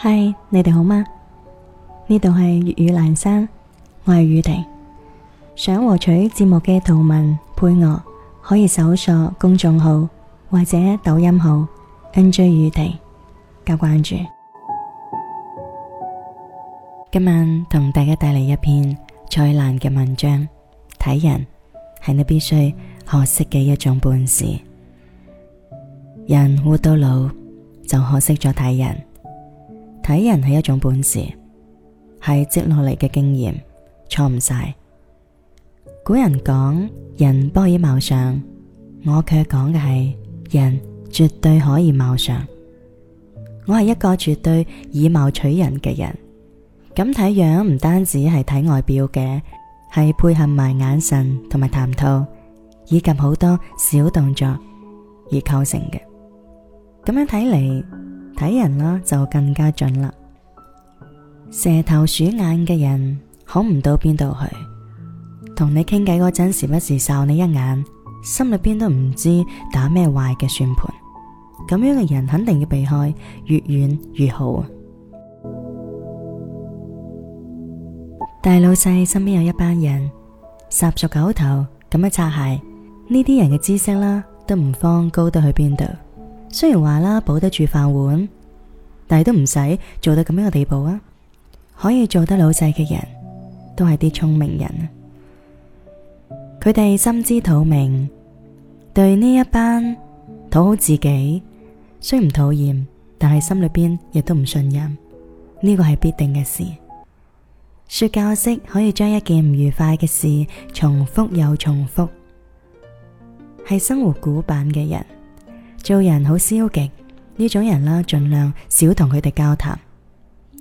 嗨，Hi，你哋好嗎？呢度係粵語蘭山，我係宇婷。想獲取節目嘅圖文配樂，可以搜索公眾號或者抖音號 NJ 宇婷加關注。今晚同大家帶嚟一篇蔡瀾嘅文章，睇人係你必須學識嘅一種本事。人活到老，就學識咗睇人。睇人係一種本事，係積落嚟嘅經驗，錯唔晒。古人講，人不可以貌相，我卻講嘅係人絕對可以貌相。我係一個絕對以貌取人嘅人。咁睇樣唔單止係睇外表嘅，係配合埋眼神同埋談吐，以及好多小動作而構成嘅。咁樣睇嚟。睇人啦，就更加準啦。蛇頭鼠眼嘅人，好唔到邊度去。同你傾偈嗰陣，時不時哨你一眼，心裏邊都唔知打咩壞嘅算盤。咁樣嘅人，肯定要避開，越遠越好。 大老細身邊有一班人，十足狗頭咁樣擦鞋，呢啲人嘅知識啦，都唔方高得去邊度。雖然話啦，保得住飯碗，但係都唔使做到咁樣嘅地步啊！可以做得老細嘅人，都係啲聰明人。佢哋心知肚明，對呢一班討好自己，雖唔討厭，但係心裏邊亦都唔信任。呢個係必定嘅事。說教式可以將一件唔愉快嘅事重複又重複，係生活古板嘅人。做人好消極，呢種人啦，盡量少同佢哋交談。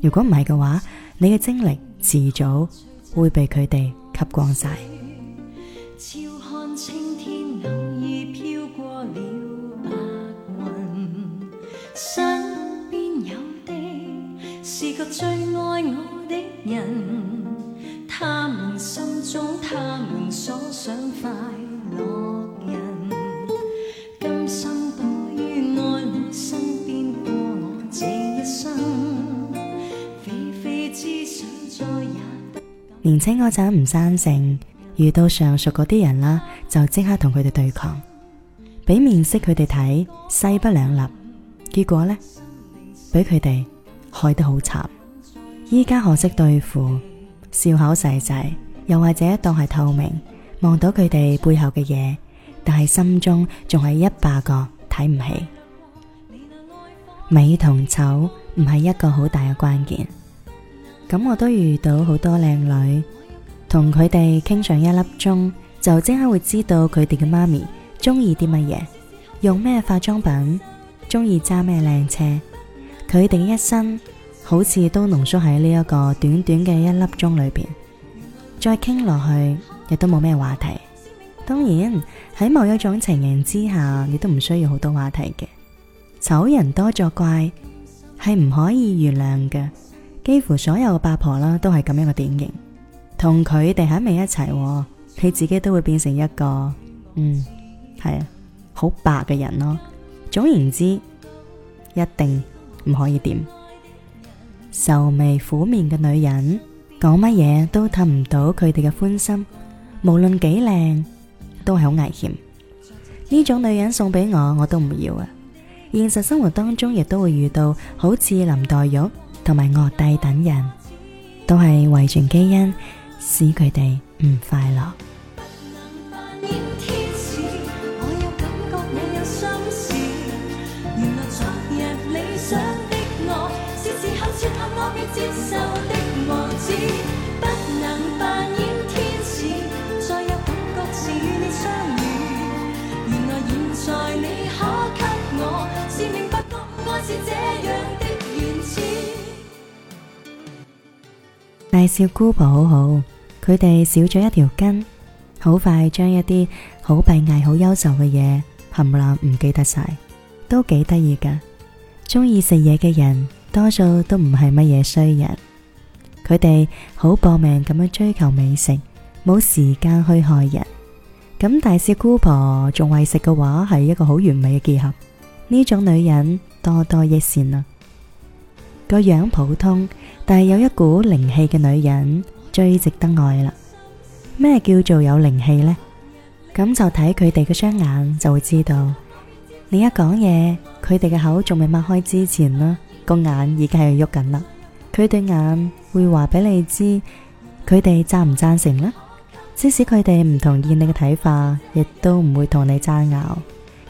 如果唔係嘅話，你嘅精力遲早會被佢哋吸光晒。照看青天偶爾飄過了白雲，身邊有的是個最愛我的人，他們心中他們所想快。年青嗰陣唔生性，遇到上述嗰啲人啦，就即刻同佢哋對抗，俾面色佢哋睇，勢不兩立。結果呢，俾佢哋害得好慘。依家學識對付，笑口細細，又或者當係透明，望到佢哋背後嘅嘢，但係心中仲係一百個睇唔起。美同醜唔係一個好大嘅關鍵。咁我都遇到好多靚女，同佢哋傾上一粒鐘，就即刻會知道佢哋嘅媽咪中意啲乜嘢，用咩化妝品，中意揸咩靚車。佢哋一生好似都濃縮喺呢一個短短嘅一粒鐘裏邊。再傾落去亦都冇咩話題。當然，喺某一種情形之下，你都唔需要好多話題嘅。醜人多作怪，係唔可以原諒嘅。幾乎所有嘅八婆啦，都係咁樣嘅典型。同佢哋喺埋一齊，佢自己都會變成一個，嗯，係啊，好白嘅人咯。總言之，一定唔可以點。愁眉苦面嘅女人，講乜嘢都氹唔到佢哋嘅歡心。無論幾靚，都係好危險。呢種女人送俾我，我都唔要啊！現實生活當中亦都會遇到，好似林黛玉。同埋樂蒂等人，都係遺傳基因，使佢哋唔快樂。大少姑婆好好，佢哋少咗一條筋，好快將一啲好閉翳、好優秀嘅嘢冚唪唥唔記得晒，都幾得意噶。中意食嘢嘅人多數都唔係乜嘢衰人，佢哋好搏命咁樣追求美食，冇時間去害人。咁大少姑婆仲為食嘅話，係一個好完美嘅結合。呢種女人多多益善啊！個樣普通，但係有一股靈氣嘅女人最值得愛啦。咩叫做有靈氣呢？咁就睇佢哋嘅雙眼就會知道。你一講嘢，佢哋嘅口仲未擘開之前啦，個眼已經係喐緊啦。佢對眼會話俾你知，佢哋讚唔讚成呢？即使佢哋唔同意你嘅睇法，亦都唔會同你爭拗，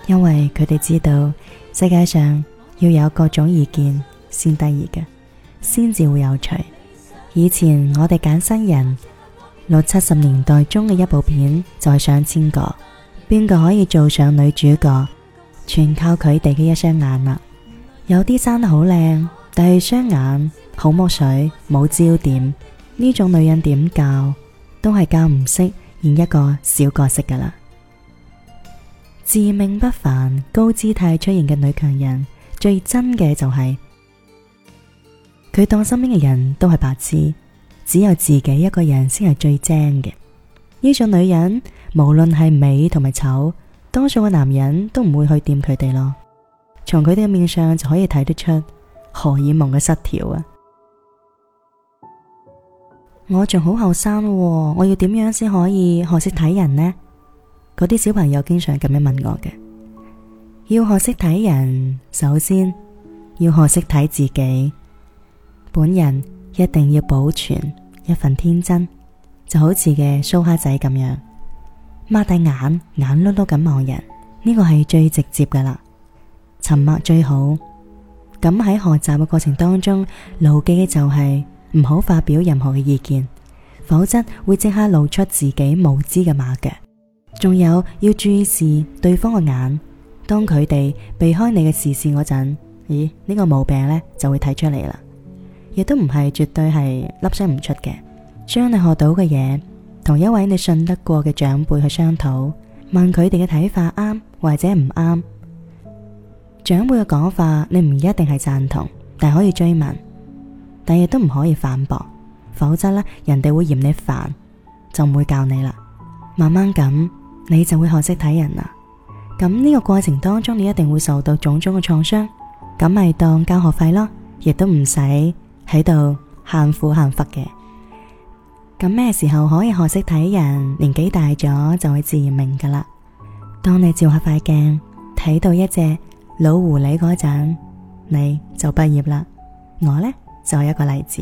因為佢哋知道世界上要有各種意見。先得意嘅，先至會有趣。以前我哋揀新人，六七十年代中嘅一部片就係上千個，邊個可以做上女主角，全靠佢哋嘅一雙眼啦。有啲生得好靚，但係雙眼好冇水，冇焦點，呢種女人點教，都係教唔識演一個小角色噶啦。自命不凡、高姿態出現嘅女強人，最真嘅就係、是。佢當身邊嘅人都係白痴，只有自己一個人先係最精嘅。呢種女人，無論係美同埋醜，多數嘅男人都唔會去掂佢哋咯。從佢哋嘅面上就可以睇得出荷爾蒙嘅失調啊。我仲好後生，我要點樣先可以學識睇人呢？嗰啲小朋友經常咁樣問我嘅。要學識睇人，首先要學識睇自己。本人一定要保存一份天真，就好似嘅蘇蝦仔咁樣，擘大眼，眼碌碌咁望人。呢個係最直接噶啦，沉默最好。咁喺學習嘅過程當中，牢記嘅就係唔好發表任何嘅意見，否則會即刻露出自己無知嘅馬腳。仲有要注視對方嘅眼，當佢哋避開你嘅視線嗰陣，咦？呢個毛病咧就會睇出嚟啦。亦都唔係絕對係粒聲唔出嘅，將你學到嘅嘢，同一位你信得過嘅長輩去商討，問佢哋嘅睇法啱或者唔啱。長輩嘅講法你唔一定係贊同，但可以追問，但亦都唔可以反駁，否則咧，啊，人哋會嫌你煩，就唔會教你啦。慢慢咁你就會學識睇人啦。咁呢個過程當中你一定會受到種種嘅創傷，咁咪當交學費咯，亦都唔使。喺度喊苦喊忽嘅，咁咩時候可以學識睇人？年紀大咗就會自然明噶啦。當你照下塊鏡，睇到一隻老狐狸嗰陣，你就畢業啦。我呢就一個例子。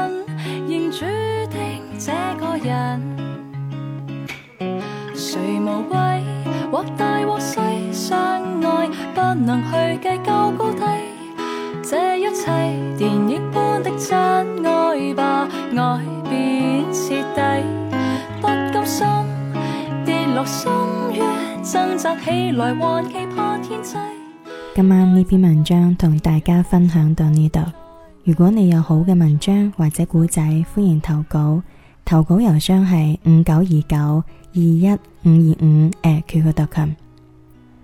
今晚呢篇文章同大家分享到呢度。如果你有好嘅文章或者故仔，歡迎投稿。投稿郵箱係五九二九二一五二五 @qq.com。